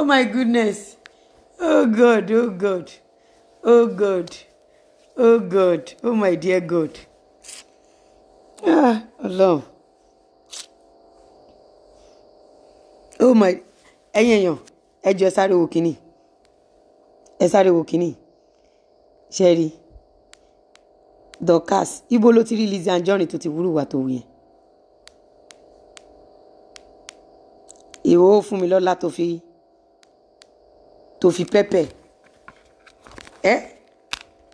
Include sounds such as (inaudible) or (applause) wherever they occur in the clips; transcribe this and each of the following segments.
Oh my goodness. Oh God, oh God, oh God, oh God, oh my dear God. Ah, Allah! Oh my, ẹ̀yin èèyàn, ẹ jọ sáré wo kínní. Ẹ sáré wo kínní. Ṣé rí? Dorcas, ibo ló ti rí Lizzie Anjorin tó ti wúrùwà tó wù yẹn? Ìwọ ó fún mi lọ́lá tó fi tó fi pẹ́pẹ́ ẹ́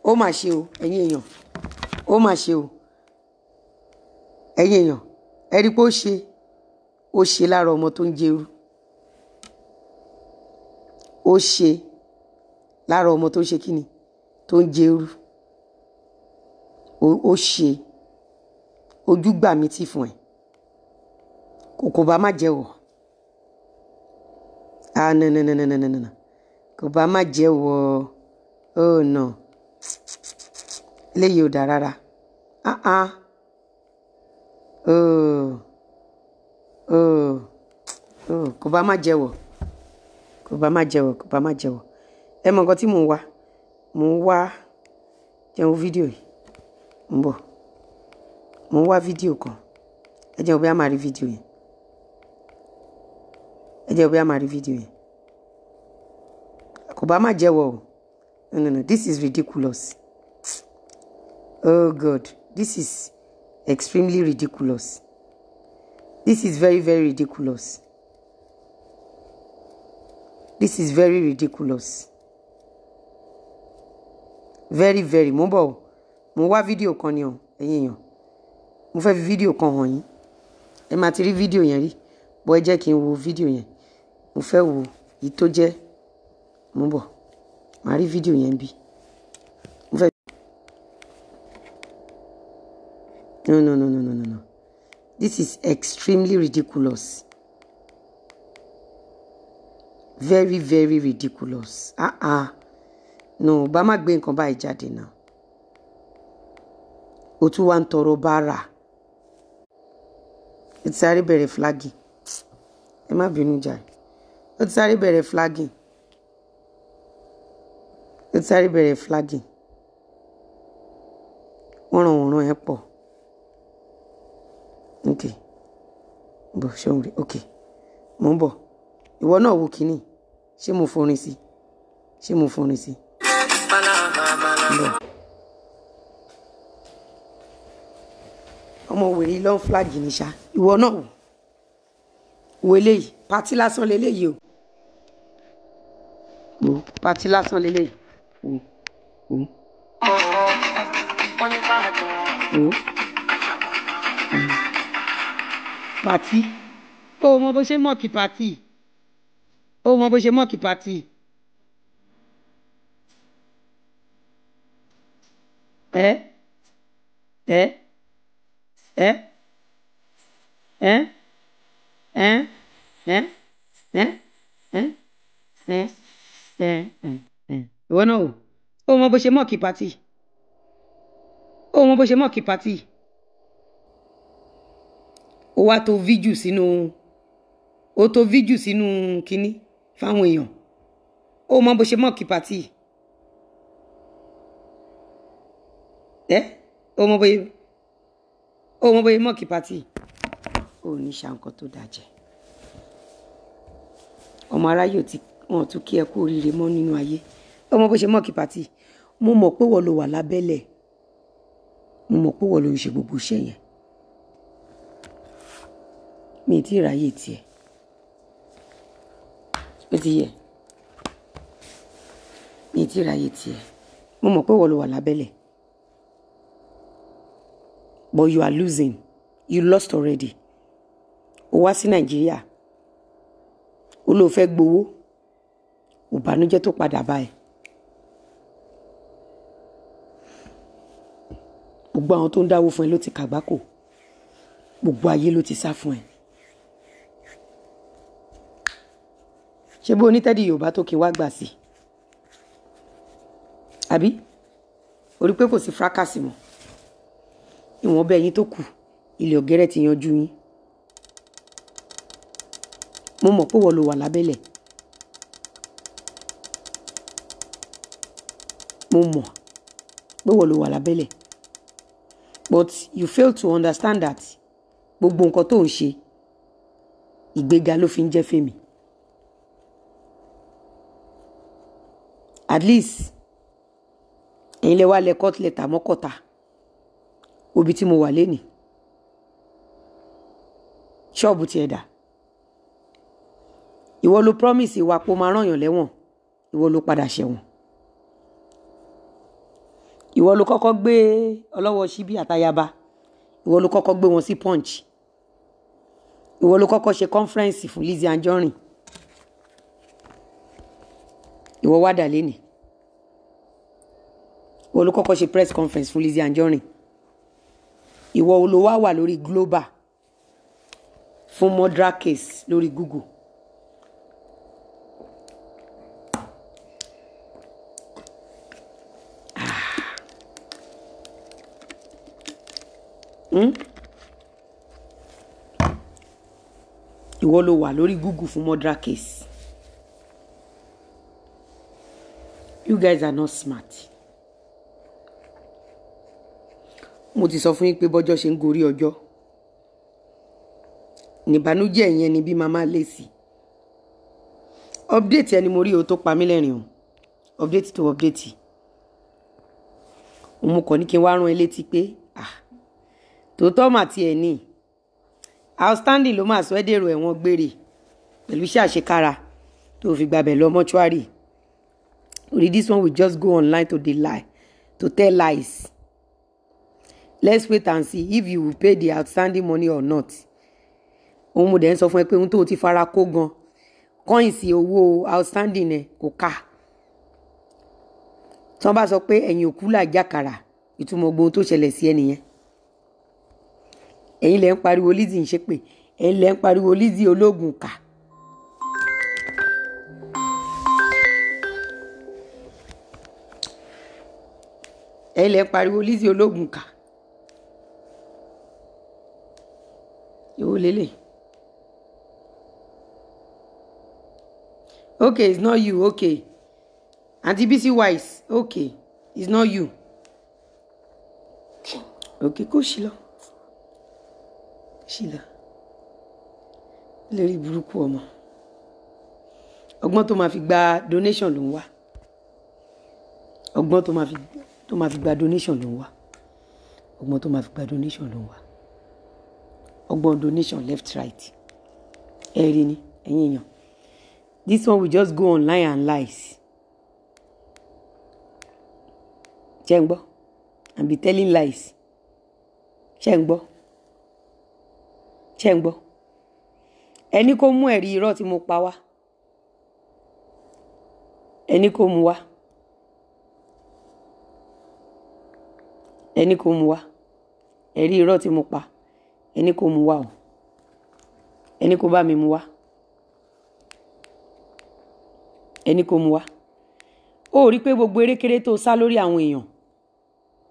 ó mà ṣe o ẹ̀yin èèyàn ó mà ṣe o ẹ̀yin èèyàn ẹ rí pé ó ṣe ó ṣe lára ọmọ tó ń jẹrú ó ṣe lára ọmọ tó ń ṣe kíni tó ń jẹrú ó ṣe ojú gbà mí tì fún ẹ kò má jẹ wọ ah nananananana kò bá má jẹ́ wọ oh no eléyìí ò dáa ah ah oh oh oh kò bá má jẹ́ wọ kò bá má jẹ́ wọ kò bá má jẹ́ wọ ẹ mọ nǹkan tí mò ń wá mò ń wá jẹun fídíò yìí kò bá má jẹ́wọ́ o no no no this is ridiculous oh god this is extremely ridiculous this is very very ridiculous this is very ridiculous very very mo bọ̀ mo wá fídíò kan ni o ẹ̀yin èèyàn mo fẹ́ fi fídíò kan hàn yín ẹ máa ti rí fídíò yẹn rí bọ́ ẹ jẹ́ kí n wo fídíò yẹn mo fẹ́ wo èyí tó jẹ́ mo ń bọ̀ màá rí fídíò yẹn bí. No, no, no, no, no, no, no. This is extremely ridiculous. Very, very ridiculous. Ah, ah. No, bá má gbé nǹkan báyìí jáde náà. O tún wá ń tọrọ báárà. O ti sáré bẹ̀rẹ̀ flagging. Ẹ má bínú jà. O ti sáré bẹ̀rẹ̀ flagging ó ti sáré bẹ̀rẹ̀ flagging wọ́n ràn wọ́n ràn ẹ́ pọ̀ ok bọ̀ ṣéun rí ok mò ń bọ̀ ìwọ náà wo kínní ṣé mo forin sí ṣé mo forin sí. ọmọ wèrè lọ́n flagging ní ṣá ìwọ náà wò wò eléyìí pátí lásán leléyìí o pátí lásán leléyìí wò wò mọ bó ṣe mọ̀kì pàtí ó mọ bó ṣe mọ̀kì pàtí. ẹ ẹ ẹ ẹ ẹ ẹ ẹ ẹ ẹ ẹ ìwọ náà o ó mọ bó ṣe mọ̀ọ́kì pátì ó mọ bó ṣe mọ̀ọ́kì pátì ó wá tó fíjù sínú ó tó fíjù sínú kínní fáwọn èèyàn ó mọ bó ṣe mọ̀ọ́kì pátì ẹ ó mọ bóyá ó mọ bóyá mọ̀ọ́kì pátì ó ní ṣàǹkan tó dájẹ́ ọmọ aráyò tí wọn tún kí ẹ kú oríire mọ́ nínú ayé ó bó ṣe mọ̀ọ́kì pàtì mo mọ̀ pé wọ́n ló wà lábẹ́lẹ̀ mo mọ̀ pé wọ́n ló ń ṣe gbogbo iṣẹ́ yẹn mi ti ráyè tiẹ̀ ó ti yẹ mi ti ráyè tiẹ̀ mo mọ̀ pé wọ́n ló wà lábẹ́lẹ̀ but you are losing you lost already o wá sí nàìjíríà o lóò fẹ́ gbowó ìbànújẹ́ tó padà báyìí. gbogbo àwọn tó ń dáwó fún ẹ ló ti kàgbákò gbogbo ayé ló ti sá fún ẹ. ṣé bó onítẹ́dì yorùbá tó kí wá gbà sí àbí orí pé kò sí fracasi mọ́ ìwọ̀n ọbẹ̀ yín tó kù ilẹ̀ ọ̀gẹ́rẹ́ ti yanjú yín mo mọ̀ pé wọ́n lo wà lábẹ́lẹ̀ mo mọ̀ pé wọ́n lo wà lábẹ́lẹ̀ but you fail to understand that gbogbo nǹkan tó ń ṣe ìgbéga ló fi ń jẹ́ fèmí. at least ẹ̀yin lè wá lẹ court letter mọ́kọ̀ta òbí tí mo wà lẹ́nìí ṣọ́ọ̀bù tiẹ̀ dà ìwọ ló promise ìwà pé o máa ràn yàn lẹ́wọ̀n ìwọ ló padà ṣẹ̀wọ̀n ìwọ ló kọ́kọ́ gbé ọlọ́wọ́ síbí àtayaba ìwọ ló kọ́kọ́ gbé wọn sí punch ìwọ ló kọ́kọ́ ṣe conference fún Lizzy Anjorin ìwọ wá dà lẹ́nìí ìwọ ló kọ́kọ́ ṣe press conference fún Lizzy Anjorin ìwọ ló wá wà lórí global fún murder case lórí Google Hmm? ìwọ ló wà lórí google fún murder case you guys are not smart mo ti sọ fún yín pé bọ́jọ́ ṣe ń gorí ọjọ́ nìbànújẹ́ yẹn ni bí màmá lè sí update ẹni mo rí o tó pa mí lẹ́rìn o update tó update òun mo kàn ní kí n wá rán ẹ létí pé tòótọ́ mà tiẹ̀ ní outstanding ló mà sọ ẹ́ dèrò ẹ̀wọ̀n gbére pẹ̀lú iṣẹ́ àṣekára tó fi gbàbẹ̀ lọ mọ́ṣúárì orí this one will just go online to dey lie to tell lies let's wait and see if you will pay the outstanding money or not òun mo dẹ̀ ń sọ fún ẹ pé ohun tó o ti fara kó gan kọ́ìnsì owó outstanding ẹ kò ká tí wọ́n bá sọ pé ẹ̀yìn òkú làjàkàrà ìtumọ̀ gbogbo tó ṣẹlẹ̀ sí ẹ nìyẹn ẹ̀yin lẹ́ ń pariwo Lizzy ń ṣépè ẹ̀yin lẹ́ ń pariwo Lizzy ológun kà. ẹ̀yin lẹ́ ń pariwo Lizzy ológun kà. ìwọ lélẹ̀. okay it's not you okay aunty bisi wise okay it's not you okay kò sí lọ. Sheila lórí burúkú ọmọ ọgbọ́n tó máa fi gba donation ló ń wá ọgbọ́n tó máa fi gba donation ló ń wá ọgbọ́n tó máa fi gba donation ló ń wá ọgbọ́n donation left right ẹ rí ni ẹ̀yin èèyàn this one will just go online and lies ṣé ń gbọ́ and be telling lies ṣé ń gbọ́ ṣe ń gbọ́ ẹni kó mú ẹ̀rí irọ́ tí mo pa wá ẹni kó mú wá ẹni kó mú wá ẹ̀rí irọ́ tí mo pa ẹni kó mú wá o ẹni kó bá mi mú wá ẹni kó mú wá ó rí pé gbogbo erékeré tó sá lórí àwọn èèyàn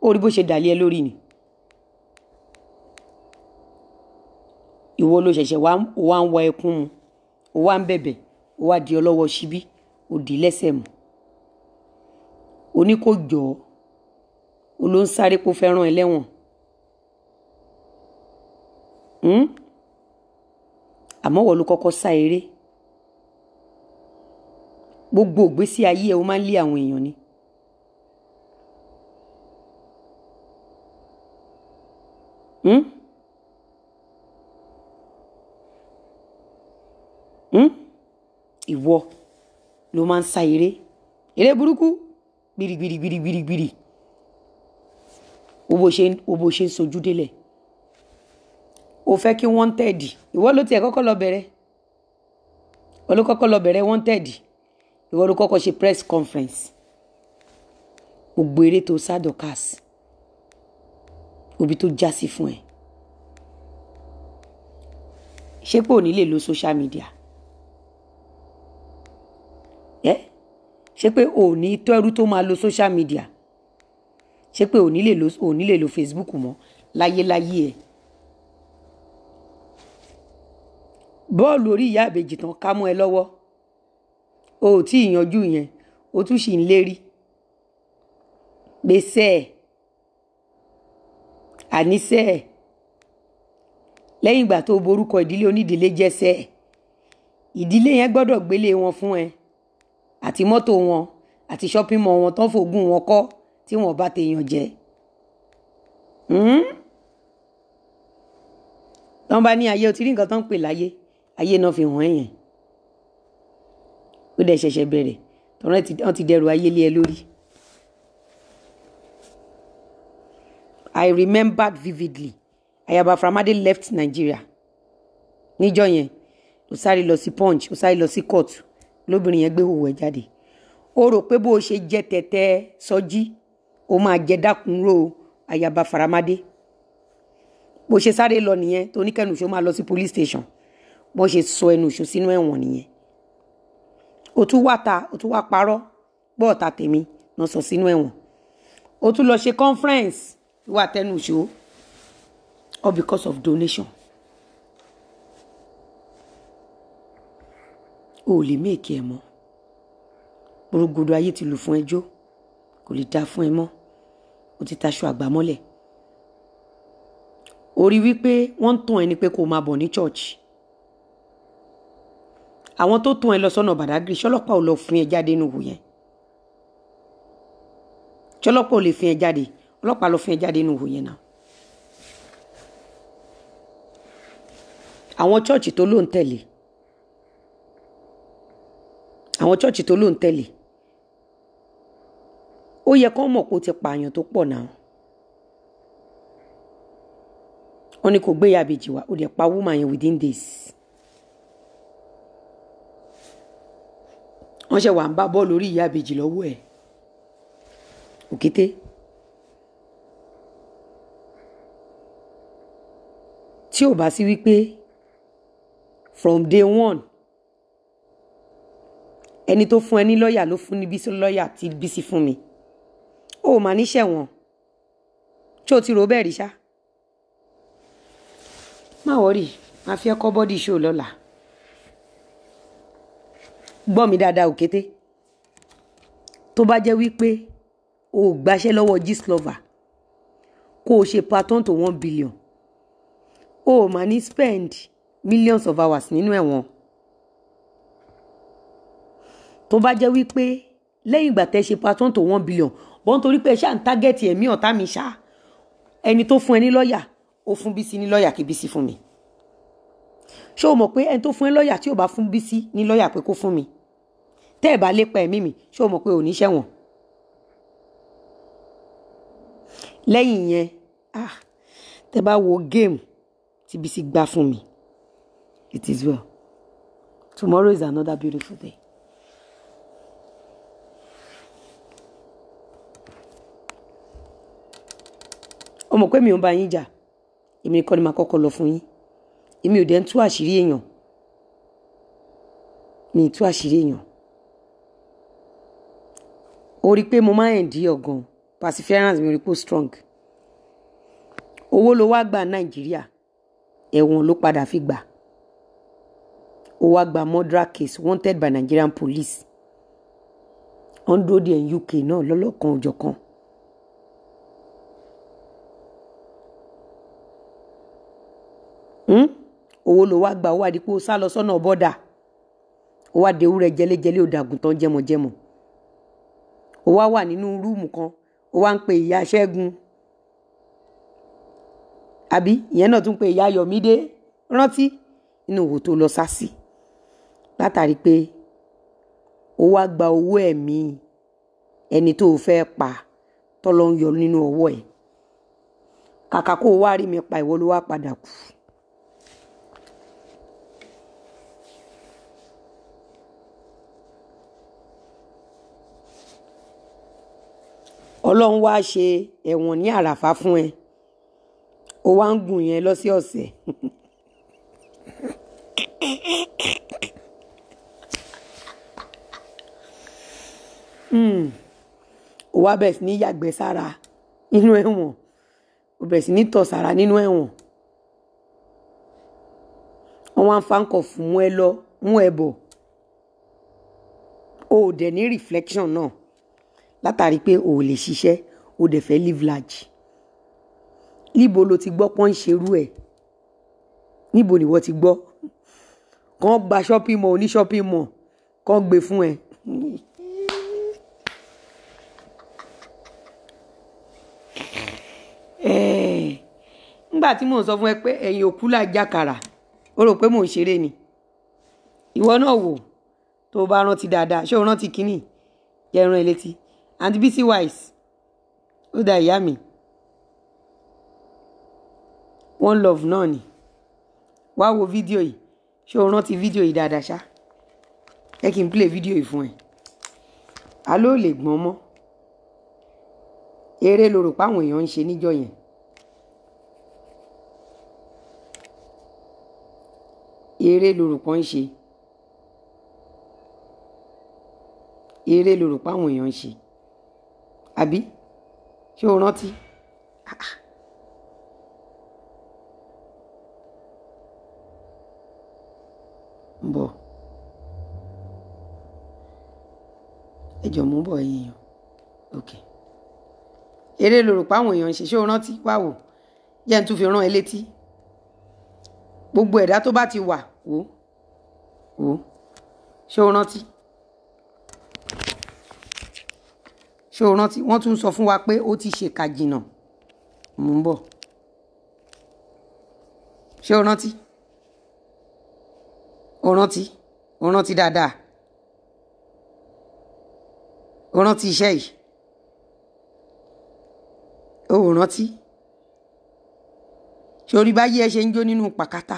ó rí bó ṣe dàlí lórí ni ìwọ ló ṣẹ̀ṣẹ̀ wá ń wa ẹkún mu ó wá ń bẹ̀bẹ̀ ó wá di ọlọ́wọ́ síbí ó dì í lẹ́sẹ̀ mọ́ ó ní kó jọ ó ló ń sáré kó fẹ́ràn ẹlẹ́wọ̀n hmm? àmọ́ wọ́n ló kọ́kọ́ sá eré gbogbo ìgbésí ayé ẹ ó máa ń lé àwọn èèyàn ni. Hmm? ìwọ ló máa ń sá eré eré burúkú gbirigbirigbirigbiri wo bó ṣe wo bó ń sojú délẹ̀ o fẹ́ kí wanted ìwọ ló tiẹ̀ kọ́kọ́ lọ bẹ̀rẹ̀ ìwọ ló kọ́kọ́ lọ bẹ̀rẹ̀ wanted ìwọ ló kọ́kọ́ ṣe press conference gbogbo eré tó sá Dorkas òbí tó já sí fún ẹ ṣé pé lo social media. ṣé pé ò ní tó ẹrú tó máa lo social media ṣé pé ò ní lè lo ò ní Facebook mọ́ láyéláyé ẹ̀. bọ́ọ̀lù orí ìyá àbèjì tán ká mọ́ ẹ lọ́wọ́ o ò tí ì yanjú yẹn o tún sì ń lérí gbèsè ẹ̀ àníṣe ẹ̀ lẹ́yìn ìgbà tó borúkọ ìdílé onídìílé jẹ́sẹ̀ ẹ̀ ìdílé yẹn gbọ́dọ̀ gbélé wọn fún ẹ. E àti mọ́tò wọn àti shopping wọn tán fògùn wọn kọ́ tí wọn bá tèèyàn jẹ́ hmm? tán bá ní ayé o ti rí nǹkan tán pè láyé ayé náà fi hàn ẹ̀yàn ó dẹ̀ ṣẹ̀ṣẹ̀ bẹ̀rẹ̀ tọ́rọ́ wọn ti dẹrù ayé lé ẹ lórí. I remembered vividly Ayaba Faramade left Nigeria níjọ́ yẹn ó sáré lọ sí punch ó sáré lọ sí court lóbìnrin yẹn gbé hòhò ẹ̀ jáde o rò pé bó o ṣe jẹ tẹ̀tẹ̀ sọjí o máa jẹ dákunró ayaba faramade bó ṣe sáré lọ nìyẹn tó oníkẹ́nu ṣó máa lọ sí police station bó ṣe sọ ẹnu ṣó sínú ẹ̀wọ̀n nìyẹn o tún wá ta o tún wá parọ́ gbọ́ ọ̀tá tèmi náà sọ sínú ẹ̀wọ̀n o tún lọ ṣe conference wà tẹnu ṣó all because of donation. o ò lè méèkì ẹ̀ mọ́ gbogbo ayé ti lù fún ẹjọ́ kò lè dáa fún ẹ mọ́ o ti taṣọ àgbà mọ́lẹ̀ o rí wípé wọ́n ń tàn ẹni pé kó o máa bọ̀ ní chọ́ọ̀chì àwọn tó tàn ẹ lọ sọ́nà bàdágìrì ṣọlọ́pàá ò lọ fún ẹ jáde nù wò yẹn ṣọlọ́pàá ò lè fún ẹ jáde ọlọ́pàá lọ fún ẹ jáde nù wò yẹn náà àwọn chọ́ọ̀chì tó ló ń àwọn chọ́ọ̀chì tó ló ń tẹ̀lé ó yẹ kán mọ̀ pé ó ti pààyàn tó pọ̀ náà wọ́n ní kò gbéyà bèjì wá ó lè pa woman yẹn within days wọ́n ṣe wà ń bá bọ́ọ̀lù orí ìyá bèjì lọ́wọ́ ẹ̀ òkété. tí ò bá sí wípé from day one ẹni tó fún ẹ ní lọ́ọ̀yà ló fún ní Bísí lọ́ọ̀yà tí Bísí fún mi ó mà ní ṣẹ̀wọ̀n ṣó ti rò bẹ́ẹ̀ rí ṣá má wọ́rì máa fi ẹkọ́ bọ́dì ṣó lọ́la gbọ́ mi dáadáa òkété tó bá jẹ́ wípé o gbaṣẹ́ lọ́wọ́ Gistlover kó o ṣe patron tó one billion o ò mà ní spend millions of hours nínú ẹ̀wọ̀n tó bá jẹ́ wípé lẹ́yìn ìgbà tẹ́ ṣe part one one billion bọ́n torí pé ṣáà ń tágẹ́ẹ̀tì ẹ̀mí ọ̀tá mi ṣá ẹni tó fún ẹ ní lọ́ọ̀yà ó fún Bísí ní lọ́ọ̀yà kí Bísí fún mi ṣé o mọ̀ pé ẹni tó fún ẹ lọ́ọ̀yà tí ò bá fún Bísí ní lọ́ọ̀yà pé kó fún mi tẹ́ ẹ̀ bá lépa ẹ̀mí mi ṣé o mọ̀ pé ò ṣẹ̀wọ̀n lẹ́yìn yẹn ah, tẹ́ bá wo game tí Bísí gbá fún mi it is well tomorrow is another beautiful day. ó mọ̀ pé mi ò ń bá yín jà èmi nìkan ni màá kọ́kọ́ lọ fún yín èmi ò dẹ̀ ń tú àṣírí èèyàn mi ì tú àṣírí èèyàn ó rí pé mo máa ń dí ọ̀gàn perseverance mi rí pé ó strong owó ló wá gbà nàìjíríà ẹ̀wọ̀n ló padà fi gbà ó wá gba murder case wanted by Nigerian police ó ń dúró de UK náà lọ́lọ́kan òjọ̀kan Hmm? owó ló wá gba owó àdìpọ̀ sá lọ sọ́nà bọ́dà ó wá de ewúrẹ́ jẹlẹ́jẹlẹ́ ó dàgùn tán wà nínú rúùmù kan ó wá ń pe ìyá Ṣẹ́gun àbí ìyẹn náà tún pe ìyá Yọ̀mídé rántí nínú òwò tó lọ sá sí látàrí pé ó wá gba owó ẹ̀mí ẹni tó fẹ́ pa tọ́lọ́ ń yọ nínú ọwọ́ ẹ̀ kàkà kó o wá rí mi pa ìwọ padà kú. ọlọ́run wá ṣe ẹ̀wọ̀n ní àràfá fún ẹ ó wá ń gùn yẹn lọ́sọ̀ọ̀sẹ̀ hmm. ó wá bẹ̀rẹ̀ sí ní yàgbẹ́ sára nínú ẹ̀wọ̀n ó bẹ̀rẹ̀ sí ní tọ̀ sára nínú ẹ̀wọ̀n wọ́n wá ń fáńkọ̀ fún mú ẹ lọ mú ẹ bọ̀ o ò dẹ̀ ní reflection náà. No látàrí pé o ò lè ṣiṣẹ́ o dẹ̀ fẹ́ live large níbo lo ti gbọ́ pọ́n ṣerú ẹ̀ níbo ni wọ́n ti gbọ́ kàn gba shopping mall oní shopping mall kàn gbé fún ẹ. nígbà tí mò ń sọ fún ẹ pé ẹ̀yin òkú là jàkàrà ó rò pé mò ń ṣeré ni ìwọ náà wò tó o bá rántí dáadáa ṣé o rántí kínní jẹ́ ẹran ẹ létí and Bisi Wise ó da ìyá mi one love náà ni wá wo fídíò yìí ṣé o rántí fídíò yìí dáadáa ṣá ẹ kí n play fídíò yìí fún ẹ aló lè gbọ́n mọ́ eré ló rò páwọn èèyàn ń ṣe níjọ yẹn. eré lorúkọ ń ṣe eré lorúkọ àwọn èèyàn ń ṣe àbí ṣé o rántí? ń bọ̀ ẹ jọ̀ mú bọ̀ ẹ̀yìn yàn òkè eré lòrò páwọn èèyàn ń ṣe ṣé o rántí wá wò jẹ́ n tún fi rán ẹ létí gbogbo ẹ̀dá tó bá ti wà wò wò ṣé o rántí. ṣé o rántí wọ́n tún sọ fún wa pé ó ti ṣèkà jìnnà mò ń bọ̀ ṣé o rántí o rántí o rántí dáadáa o rántí iṣẹ́ yìí o ò rántí sórí báyé ẹ ṣe ń jó nínú pàkátà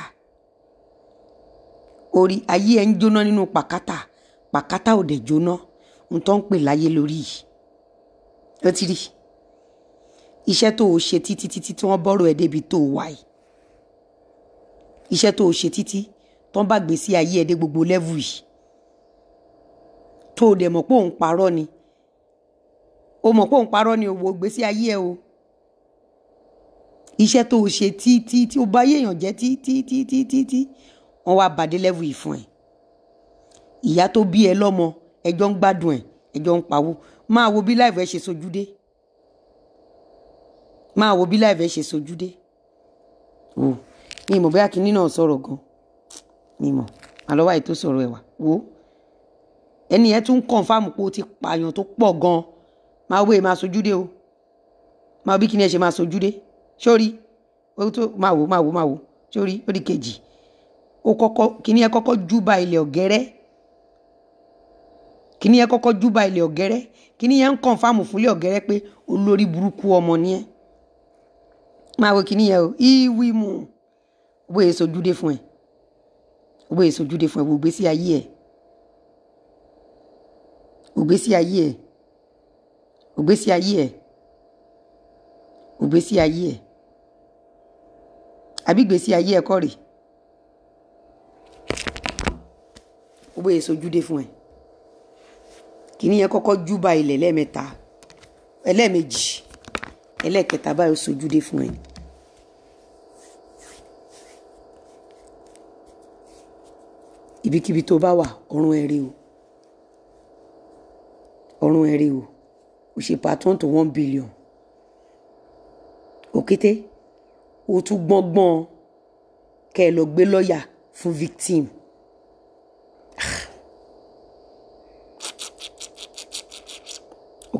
orí ayé ẹ ń jóná nínú pàkátà pàkátà ò dẹ̀ jóná n tó ń pè láyé lórí yìí ló ti rí iṣẹ́ tó o ṣe títí títí tí wọ́n bọ́rọ̀ ẹ̀ débi tó o wà yìí iṣẹ́ tó o ṣe títí tó ń bá gbé sí ayé ẹ̀ dé gbogbo lẹ́vù yìí tó o dẹ̀ mọ̀ pé òun parọ́ ni o mọ̀ pé òun parọ́ ni òwò gbé sí ayé ẹ̀ o iṣẹ́ tó o ṣe títí tí o bá yéèyàn jẹ́ títí títí títí wọ́n wá bàdé lẹ́vù yìí fún ẹ̀ ìyá tó bí ẹ lọ́mọ ẹjọ́ ń gbádùn ẹ̀ ẹjọ́ ń pawó máa wo bí live ẹ ṣe sojú dé máa wo bí live ẹ ṣe sojú dé o mi ìmọ̀ bóyá kinní náà sọ̀rọ̀ gan mi ìmọ̀ àlọ́wà ètò sọ̀rọ̀ ẹ̀wà wo ẹni yẹn tún kọ̀ǹfàmù pé o ti pààyàn tó pọ̀ gan máa wo èèyàn máa sojú dé o máa bí kinní ẹ ṣe máa sojú sórí o tó máa wo máa wo máa wo sórí ó di kejì o kọ́kọ́ kinní ẹ kọ́kọ́ júbà ilẹ̀ ọ̀gẹ́rẹ́ kíní yẹn kọ́kọ́ júbà ilé ọ̀gẹ́rẹ́ kíní yẹn ń kọ̀nfàmù fúnlé ọ̀gẹ́rẹ́ pé olórí burúkú ọmọ ni ẹ́ máa wo kíní yẹn o ìwí mu owó èso júdé fún ẹ owó èso júdé fún ẹ wò gbésí ayé ẹ wò gbésí ayé ẹ wò gbésí ayé ẹ wò gbésí ayé ẹ àbí gbésí ayé ẹ kọ́ rèé owó èso júdé fún ẹ kìíní yẹn kọ́kọ́ júbà ilẹ̀ lẹ́ẹ̀mẹ́ta ẹlẹ́ẹ̀mejì ẹlẹ́ẹ̀kẹta báyìí ó sojúde fún ẹ. ibikíbi tó bá wà ọrùn ẹ rí o ọrùn ẹ rí o o ṣe part one to one billion òkété o tún gbọ́ngbọ́n kẹ́ ẹ lọ gbé lọ́ọ̀yà fún victim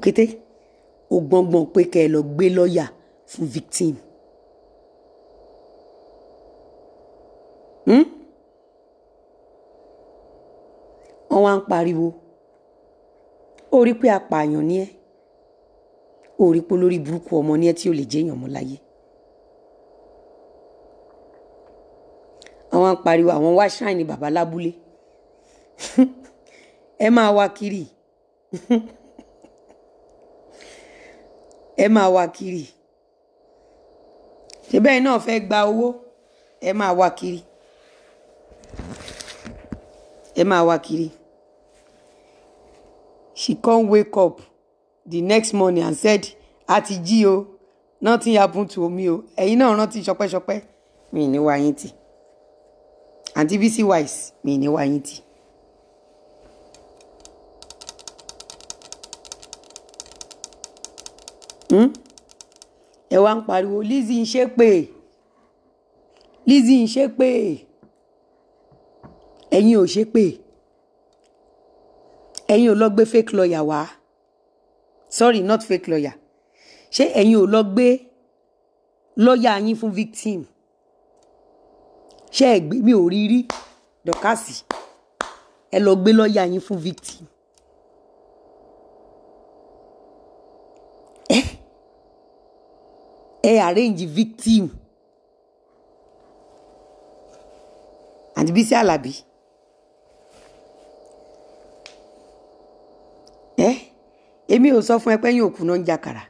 kété ó gbọ́ngbọ́n pé kẹ́ ẹ lọ gbé lọ́ọ̀yà fún victim. Hmm? wọ́n wá ń pariwo ó rí pé apààyàn ni ẹ́ ó rí pé olórí burúkú ọmọ ni ẹ́ tí ò lè jẹ́yàn mọ́ láyé. àwọn pariwo àwọn wá ṣáìní bàbá lábúlé (laughs) ẹ máa wá kiri (laughs) ẹ máa wá kiri ṣebí ẹ̀yin náà fẹ́ gba owó ẹ máa wá kiri ẹ máa wá kiri she come wake up the next morning and said a ti jí o nothing happen to me o ẹ̀yin náà rántí ṣọpẹ́ṣọpẹ́ mi ní wá yín tì àǹtí Bísí wise mi ní wá yín tì. Hmm? ẹ wá ń pariwo Lizzy ń ṣépè Lizzy ń ṣépè ẹ̀yin ò ṣépè ẹ̀yin ò lọ gbé fake lawyer wá sorry not fake lawyer ṣé ẹ̀yin ò lọ gbé lọ́ọ̀yà yín fún victim ṣé ẹ gbé mi ò rí rí dọ̀kásì ẹ lọ gbé lọ́ọ̀yà yín fún victim ẹ arrange victim and Bísí Àlàbí ẹ èmi ò sọ fún ẹ pé yín òkú náà ń jàkàrà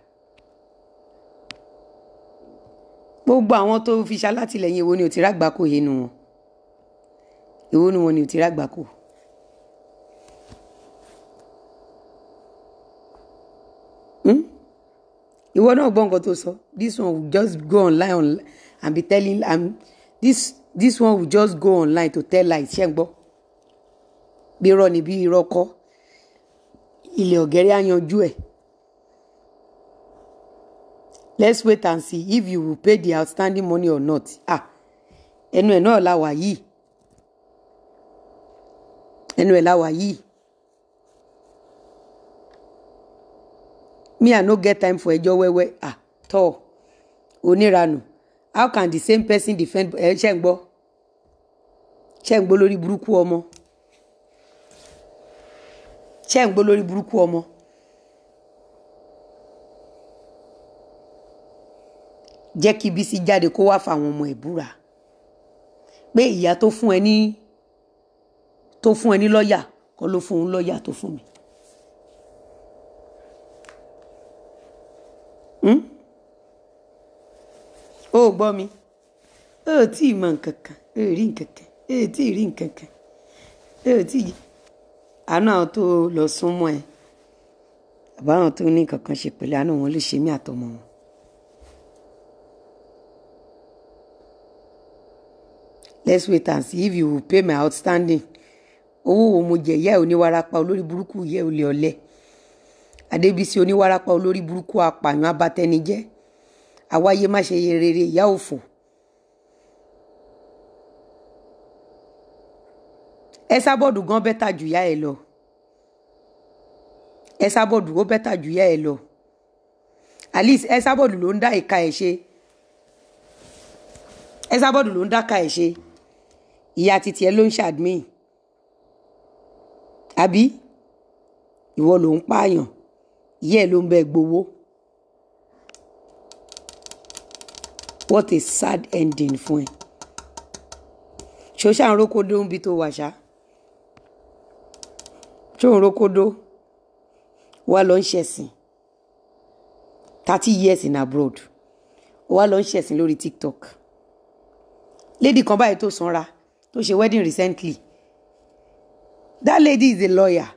gbogbo àwọn tó fi ṣalátìlẹ́yìn èwo ni ò ti rágbákò yẹnu wọn èwo ni wọn ni ò ti rágbákò. ìwọ náà gbọ́ nǹkan tó sọ this one will just go online on, and be telling um, this this one will just go online to tell lies ṣẹ́ ń gbọ́ bí irọ́ ni bí irọ́ kọ́ ilẹ̀ ọ̀gẹ́rẹ́ á ẹ̀ let's wait and see if you will pay the outstanding money or not ah ẹnu ẹ̀ náà la wà yìí ẹnu ẹ̀ la wà yìí me i no get time for ẹjọ́ wẹ́wẹ́ ah tọ́ onírànù how can the same person defend ẹ ṣe ń gbọ́ ṣe ń gbọ́ lórí burúkú ọmọ ṣe ń gbọ́ lórí burúkú ọmọ jẹ́ kí Bísí jáde kó wá fáwọn ọmọ ẹ̀ búra pé ìyá tó fún ẹ ní tó fún ẹ ní lọ́ọ̀yà kọ́ ló fún un lọ́ọ̀yà tó fún mi. ó hmm? gbọ́ mi ó tí ì mọ nǹkan kan ó rí nǹkan kan ó tí ì rí nǹkan kan ó tí ì àánú àwọn tó lọ sún mọ́ ẹ àbáwọn tó ní nǹkan kan ṣe pẹ̀lú àánú wọn ló ṣe mí àtọmọ wọn. let's wait and see if you will pay my outstanding owó wo mo jẹ ìyá ẹ oníwàrápá olórí burúkú ìyá ẹ olè ọlẹ́ adébísí oníwárapá olórí burúkú apààyàn abatẹnijẹ́ àwáyé má ṣe rere ìyá òfò ẹ sábọ̀dù gan bẹ́tà jù yá ẹ lọ ẹ sábọ̀dù ó bẹ́tà jù yá ẹ lọ at least ẹ sábọ̀dù ló ń dá ìka ẹ̀ ṣe ẹ sábọ̀dù ló ń dá ìka ṣe ìyá titi ẹ ló ń ṣàdmín àbí ìwọ ló ń pààyàn yẹ́ ló ń bẹ gbowó. what a sad ending fún ẹ ṣó ṣáà ń rókòdó ń bi tó wà ṣá ṣó ń rókòdó wà lọ ń ṣẹ̀sìn thirty years in abroad wà lọ ń ṣẹ̀sìn lórí tiktok lady kan báyìí tó sanra tó ṣe wedding recently that lady is a lawyer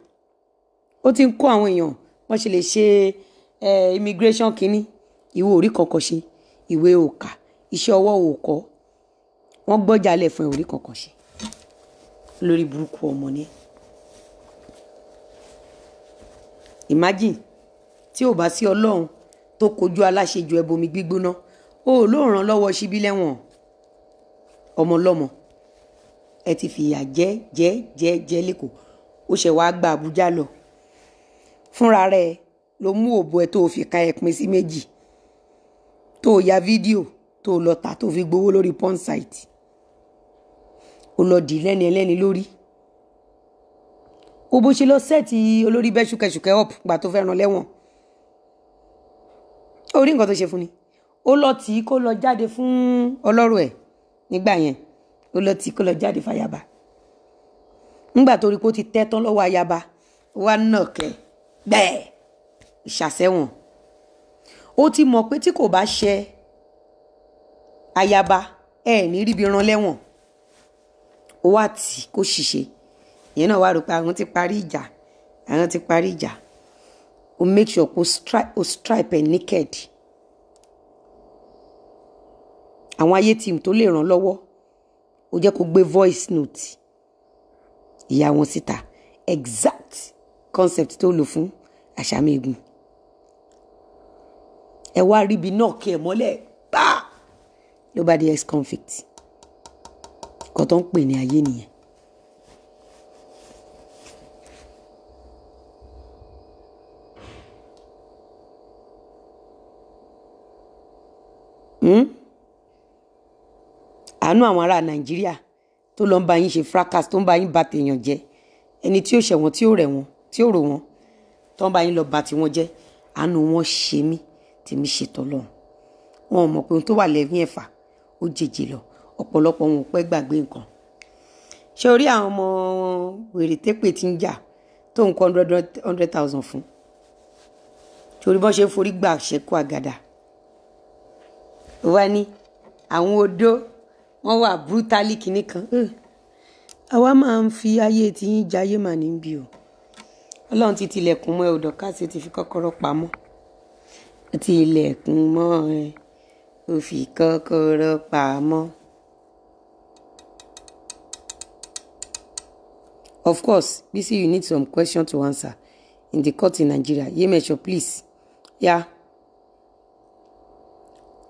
ó ti ń kó àwọn èèyàn wọ́n ṣe lè ṣe immigration kínní ìwé orí kankan ṣe ìwé òkà iṣẹ́ ọwọ́ òkọ́ wọ́n gbọ́jà lẹ̀ fún ẹ̀ orí kankan ṣe lórí burúkú ọmọ ni. imagine tí ò bá sí ọlọ́run tó kojú aláṣejù ẹbomi gbígbóná ó ló ràn lọ́wọ́ síbí lẹ́wọ̀n ọmọlọ́mọ ẹ ti fìyà jẹ jẹ jẹ jẹ lẹ́kọ̀ọ́ ó ṣẹ̀ wá gba Àbújá lọ fúnra rẹ ló mú òbò ẹ tó fi ka ẹpin sí méjì tó ya fídíò tó lọ tà tó fi gbowó lórí porn ó lọ dì lẹ́ni ẹlẹ́ni lórí kò bó ṣe lọ sẹ́ẹ̀tì olórí bẹ́ẹ̀ ṣùkẹ́ṣùkẹ́ up gbà tó fẹ́ ràn lẹ́wọ̀n orí nǹkan tó ṣe fún ni ó lọ tì í kó lọ jáde fún ọlọ́rọ̀ ẹ̀ nígbà yẹn ó lọ tì í kó lọ jáde fàyàbà nígbà tó rí kó ti tẹ́ tán lọ́wọ́ ayaba wà náà kẹ́ẹ̀ gbẹ̀ẹ́ ìṣàsẹ́wọ̀n ó ti mọ̀ pé tí kò bá ṣe ayaba ẹ ní ríbi ran lẹ́wọ̀n ó wà tí kò ṣìṣe ìyẹn náà wà rò pé àwọn ti parí ìjà àwọn ti parí ìjà o make sure kó stripe o stripe ẹ naked àwọn ayé team tó lè ràn lọ́wọ́ ó jẹ́ kó gbé voice note ìyá wọn síta exact concept tó lò fún àṣàmẹ́gun ẹ wá ríbi náà kí ẹ mọ́lẹ̀ bá ló bá di ex convict nǹkan tó ń pè ní ayé nìyẹn. Hmm? àánú àwọn ará nàìjíríà tó lọ ń bá yín ṣe fracas tó ń bá yín bà tèèyàn jẹ́ ẹni tí ó ṣẹ̀wọ̀n tí ó rẹ̀ wọ́n tí ó rò wọ́n tó ń bá yín lọ bà tiwọn jẹ́ àánú wọn ṣe mí tèmi ṣe tọlọ́run wọn ò mọ̀ pé ohun tó wà lẹ́yìn ẹ̀fà ó jèjì lọ ọ̀pọ̀lọpọ̀ wọn ò pẹ́ gbàgbé nǹkan ṣé orí àwọn ọmọ wèrè tépè ti ń jà tó ń kọ́ hundred thousand fún torí bọ́n ṣe ń forí gbà ṣẹ́kù àgàdà wá ní àwọn odó wọn wà brutally kìnnìkan hm. àwa máa ń fi ayé tiyín jayé mà níbi o ọlọ́run ti tilẹ̀kùn mọ́ ẹ ò dọ̀kásì ti fi kọ́kọ́rọ́ pamọ́ ti ilẹ̀kùn mọ́ ẹ ò fi kọ́kọ́rọ́ pamọ́. Of course, Bisi, you need some question to answer in the court in Nigeria. Yemesho, please. Yeah.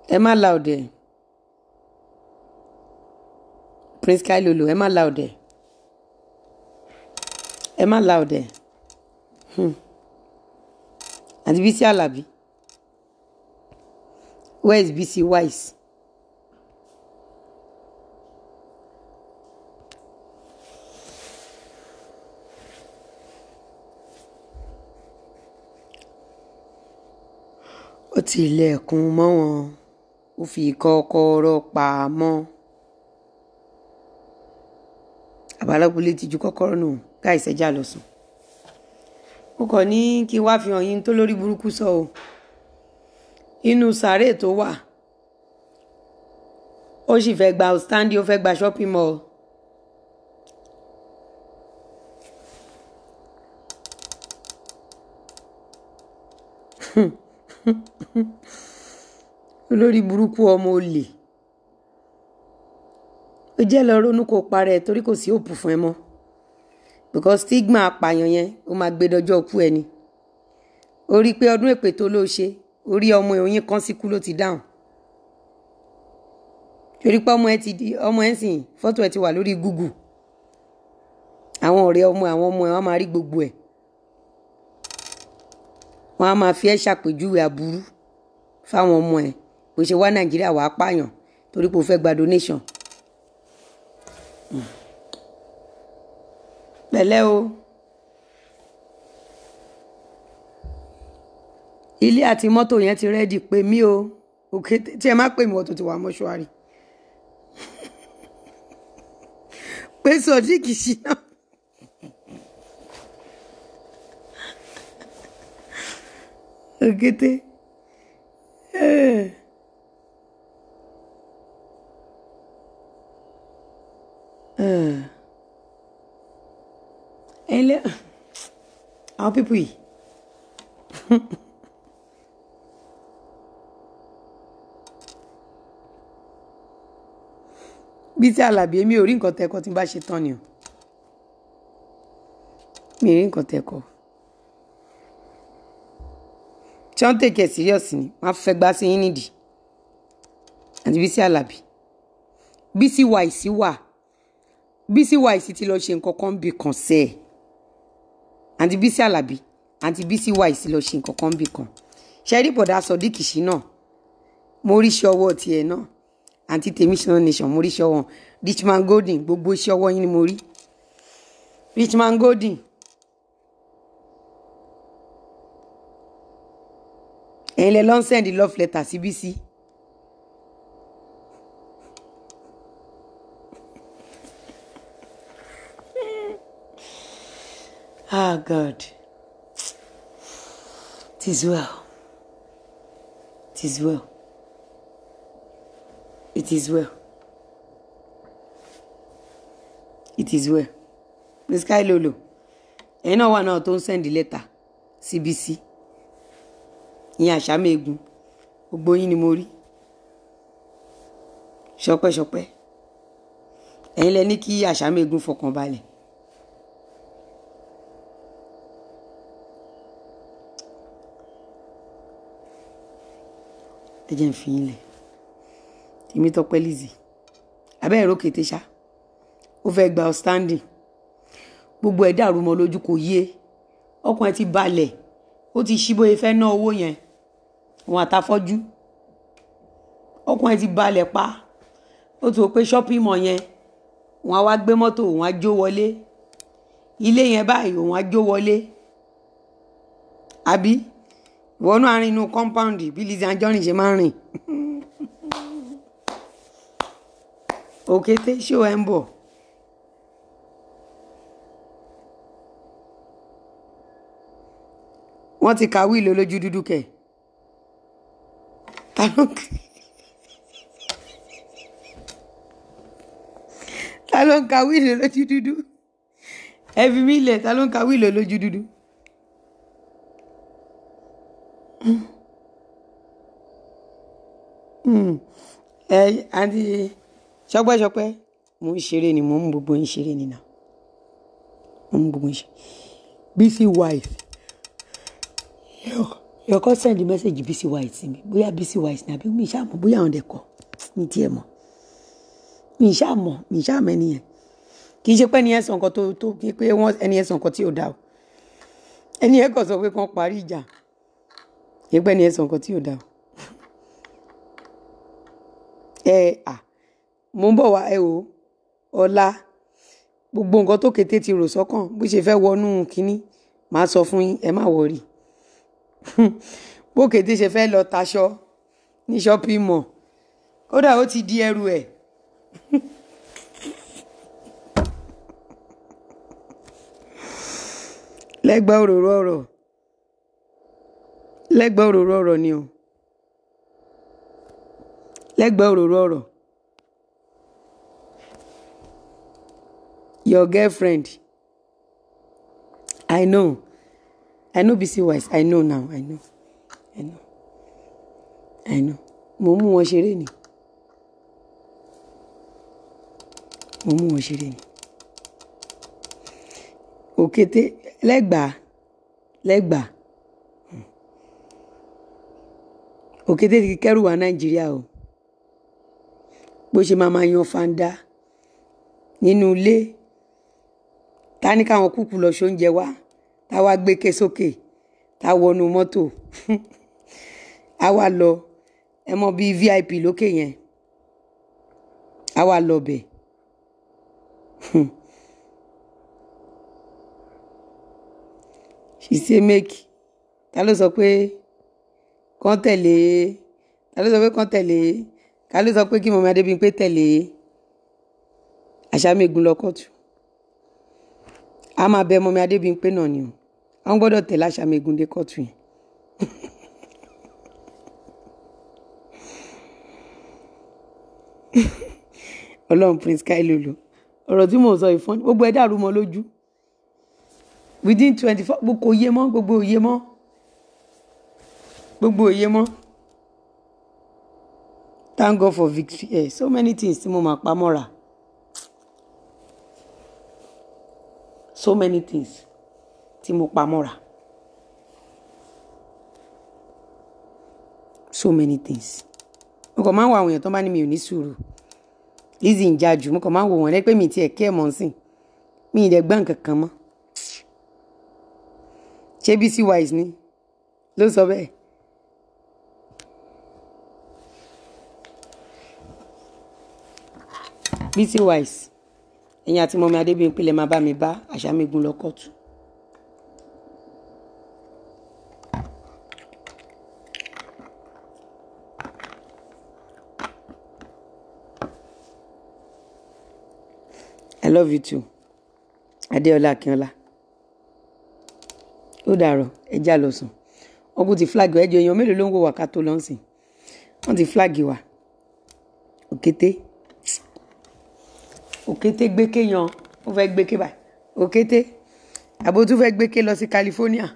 Ẹ má loud ẹ. Prince Kailolo, ẹ má loud ẹ. Ẹ loud And BC Alabi, where is BC wise. ó ti ilẹ̀kùn mọ́ wọn ó fi kọ́kọ́rọ́ pa á mọ́ àbálọ́gbọ́lé ti ju kọ́kọ́rọ́ nù káìsẹ́jà lọ sùn ó kàn ní kí n wá fi hàn yín tó lórí burúkú sọ o inú sàárè tó wà ó sì fẹ́ gba outstanding ó fẹ́ gba shopping mall. (laughs) olórí burúkú ọmọ olè ó jẹ́ lọ ronú kó parẹ́ torí kò sí òpù fún ẹ mọ́ because stigma apààyàn yẹn ó máa gbé dọjọ́ òkú ẹ ni ó rí i pé ọdún èpè tó ló ṣe orí ọmọ ìròyìn kan síkú ló ti dáhùn torí pé ọmọ ẹ ti di ọmọ ẹ sìn fọ́tò ẹ ti wà lórí Google àwọn ọ̀rẹ́ ọmọ àwọn ọmọ ẹ wọ́n máa rí gbogbo ẹ̀ wọ́n á máa fi ẹ́ ṣàpèjúwe aburú fáwọn ọmọ ẹ̀ kò ṣe wá Nàìjíríà wàá pààyàn torí pé o fẹ́ gba donation. Mm pẹ̀lẹ́ o ilé àti mọ́tò yẹn ti rẹ́dì pè mí o òkè tí ẹ má pè mí wọ́n tó ti wà mọ́ṣúárì (laughs) pé sọdíkì ṣìnà. (laughs) òkété Uh ẹlẹ́ àwọn pípù yìí bí tí Àlàbí èmi ò rí nǹkan tẹ́kọ̀ tí n bá ṣe tán ni o mi rí nǹkan tẹ́kọ̀ tí wọ́n tèkẹ́ síríọ̀sì ni wọ́n á fẹ́ gbá sí yín nídìí àti Bísí Àlàbí Bísí wàìsí wà Bísí wàìsí ti lọ ṣe nǹkan kan bí kàn sẹ́ẹ̀ àǹtí Bísí Àlàbí àǹtí Bísí wà ìsí lọ ṣe nǹkan kan bì kan ṣẹ́rí bọ̀dá Sodiq ṣì náà mo rí iṣẹ́ ọwọ́ tiẹ̀ náà àǹtí tèmi ṣáná nation mo rí iṣẹ́ ọwọ́ Richman Golden gbogbo iṣẹ́ ọwọ́ yín ni mo rí Richman Golden ẹ̀yin lẹ lọ́n sẹ́ndì love letter sí Bísí. Si Ah, God. it is well. It is well. It is well. It is well. Miss Kailolo, ẹ̀yin náà wà náà tó ń sẹ́ndì lẹ́tà CBC. Ìyẹn àṣàmì egun. Gbogbo yín ni mo rí. Ṣọpẹ́ṣọpẹ́. Ẹ̀yin lẹ ní kí àṣàmì egun fọkàn balẹ̀. ẹ jẹ́ ń fi yín lẹ̀ èmi Tọ́pẹ́ Lizzy abẹ́ ẹ̀rọ kété ṣá ó fẹ́ gba outstanding gbogbo ẹ̀ dàrú mọ́ lójú kò yé ọkùnrin ti balẹ̀ ó ti ṣí bóyá fẹ́ ná owó yẹn àwọn àtàfọ́jú ọkùnrin ti balẹ̀ pa ó tó pé shopping mall yẹn wọn á wá gbé mọ́tò wọn á jó wọlé ilé yẹn báyìí wọn á jó wọlé àbí wọnú àárín inú compound bí Lizzy Anjorin ṣe máa ń rìn òkété ṣó ẹ ń bọ̀. wọ́n ti kàwé ìlò lójú dúdú kẹ̀ ta ló ń ta ló ń kàwé ìlò lójú dúdú ẹ fi mí lẹ̀ ta ló ń kàwé ìlò lójú dúdú. Hmm. ẹ àǹtí ṣọpẹ́ṣọpẹ́ mò ń ṣeré ni mò ń gbogbo ń ṣeré ni nà mò ń gbogbo ń ṣeré Bisi Wise your call send message Bisi Wise sí mi bóyá Bisi Wise ni àbí mi ṣáà mọ̀ bóyá àwọn ẹ̀kọ́ mi tiẹ̀ mọ̀ mi ṣáà mọ̀ mi ṣáà mọ̀ ẹnìyẹn kì í ṣe pé ẹnìyẹn sọ nǹkan tó tó kì í pé wọ́n ẹnìyẹn sọ nǹkan tí ò dáa o ẹnìyẹn kàn sọ pé kàn parí ìjà kì í pé ẹnìyẹn sọ nǹkan tí ò dáa o ẹ à mo ń bọ̀ wá ẹ o ọ̀la gbogbo nǹkan tó kété ti rò sọ́kàn bó ṣe fẹ́ wọnú kínní màá sọ fún yín ẹ má wọrí (laughs) bó kété ṣe fẹ́ lọ taṣọ ní shopping mall kódà ó ti di ẹrù ẹ̀. (laughs) lẹ́gbàá òróró ọ̀rọ̀ lẹ́gbàá òróró ọ̀rọ̀ ni o lẹ́gbẹ̀ẹ́ òróró ọ̀rọ̀ your girlfriend i know i know bc wise i know now i know i know i know mo mú wọn ṣeré ni mo mú wọn ṣeré ni òkété lẹ́gbàá lẹ́gbàá òkété ti kẹ́rù wá nàìjíríà o bó ṣe máa máa yan fanda nínú ilé ta ní káwọn kúkú lọ ṣoúnjẹ wa ta wá gbé ké sókè ta wọnú mọ́tò (laughs) a wá lọ ẹ mọ̀ bíi vip lókè yẹn a wá lọ bẹ̀ (laughs) she say make ta ló sọ pé kán tẹ̀lé ta ló sọ pé kán tẹ̀lé ká ló sọ pé kí Mọ́mì Adébímpé tẹ̀lé Àṣàmẹ́gun lọ kóòtù a máa bẹ Mọ́mì Adébímpé náà ni o àwọn gbọ́dọ̀ tẹ̀lé Àṣàmẹ́gun dé kóòtù yẹn. (laughs) Ọlọ́run Prince Kailolo ọ̀rọ̀ tí mò ń sọ ìfọ́n gbogbo ẹ̀ dàrú mọ́ lójú within twenty four gbogbo òye mọ́ gbogbo òye mọ́ gbogbo òye mọ́ thank God for victory eh, so many things tí mo máa pa mọ́ra so many things tí mo pa mọ́ra so many things mo kàn máa ń wo àwọn èèyàn tó bá ní mi ò ní sùúrù Lizzy ń já jù mo kàn máa ń wo wọn pé mi ti ẹ̀ kí ẹ̀ mọ̀ ń sìn mi ì dẹ̀ gbọ́n nǹkan mọ́ ṣé bísí wise ni ló sọ bẹ́ẹ̀ Lizzy Wise ẹ̀yin àti mọ́mí adébíyìnpé lè máa bá mi bá àṣàmígun lọ kóòtù. I love you too Adeola, Akínọlá ó dàrọ̀ ẹjá lọ sùn ti flag wa ẹjọ èèyàn mélòó ló ń wò wá ká tó ti flag wa òkété. Okay, òkété gbéké yan ó fẹ́ gbéké báyìí òkété àbó tún fẹ́ gbéké lọ sí California.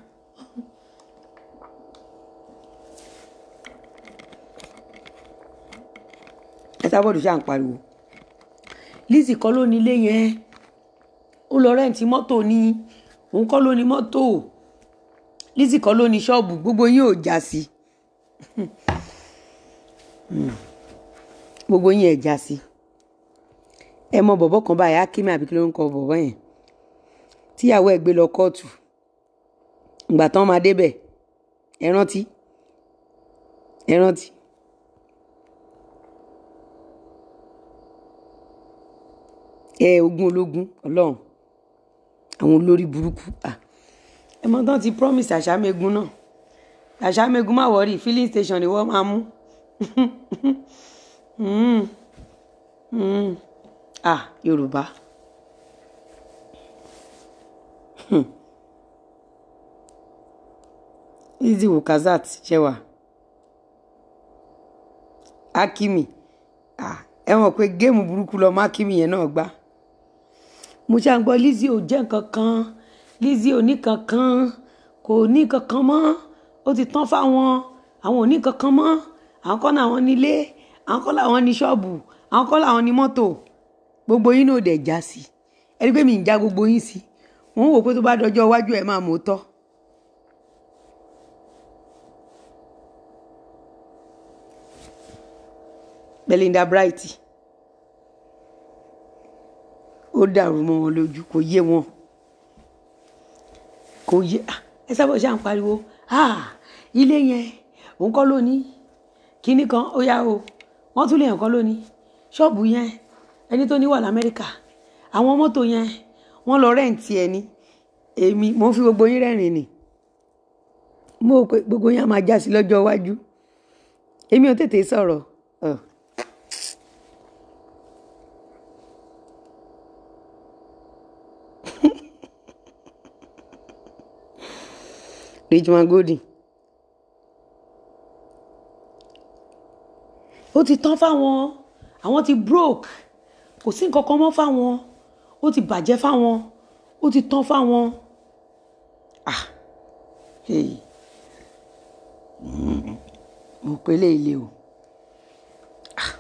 ẹ sábọ̀dù ṣáà ń pariwo Lizzy kọ́ ló ní ilé yẹn ó lọ rẹ́ǹtì mọ́tò ni òun kọ́ ló ní mọ́tò Lizzy kọ́ ló ní ṣọ́ọ̀bù gbogbo yín ò já sí (laughs) hmm. gbogbo yín ẹ̀ já sí ẹ mọ bọ̀bọ̀ kan báyìí akínmi àbí kí ló ń kọ bọ̀bọ̀ yẹn tíyàwó ẹ̀ gbé lọ kóòtù ìgbà tán máa débẹ̀ ẹ rántí ẹ rántí. ẹ ogun ológun Ọlọ́run àwọn olórí burúkú ẹ mọ tán ti promise àṣàmẹgùn náà àṣàmẹgùn má wọrí filling station ni wọ́n máa mú. (laughs) mm. Mm à ah, yorùbá izi hmm. Wukazat ṣẹwà Hakimi ah, ẹ mọ̀ pé géèmù burúkú lọ́mọ Hakimi yẹn náà gbá mo ṣáà ń gbọ́ Lizzy ò jẹ́ nǹkan kan Lizzy ò ní kankan kò ní kankan mọ́ ó ti tán fáwọn àwọn ò ní kankan mọ́ àwọn kọ́ làwọn nílé àwọn kọ́ làwọn ní ṣọ́ọ̀bù àwọn kọ́ làwọn ní mọ́tò gbogbo yín náà dẹ̀ já sí ẹni pé mi ń já gbogbo yín sí wọ́n wò pé tó bá dọjọ́ iwájú ẹ̀ máa mọ̀ tọ́. Belinda Bright ó dàrú mọ́ wọn lójú kò yé wọn kò yé ah, ẹ sábà ṣáà ń pariwo ah, ilé yẹn òun kọ́ lónìí kinní kan ó yá o wọ́n tún lè hàn kọ́ lónìí ṣọ́ọ̀bù yẹn ẹni tó ní wà lamẹ́ríkà àwọn mọ́tò yẹn wọ́n lọ rẹ́ǹtì ẹni èmi mò ń fi gbogbo yín rẹ́rìn ni mo pe gbogbo yín á máa já sí lọ́jọ́ iwájú èmi ò tètè sọ̀rọ̀ (laughs) Ridwan Golden ó ti tán fáwọn àwọn ti broke kò sí nǹkan kan mọ́ fáwọn ó ti bàjẹ́ fáwọn ó ti tán fáwọn ah hey mm-hmm. mo pe lé ilé o ah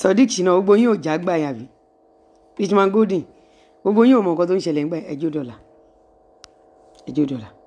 Sodiq Shina gbogbo yín ò já gbà yàbí Richmond Golden gbogbo yín ò mọ nǹkan tó ń ṣẹlẹ̀ ń gbà ẹjọ́ dọ̀là ẹjọ́ dọ̀là.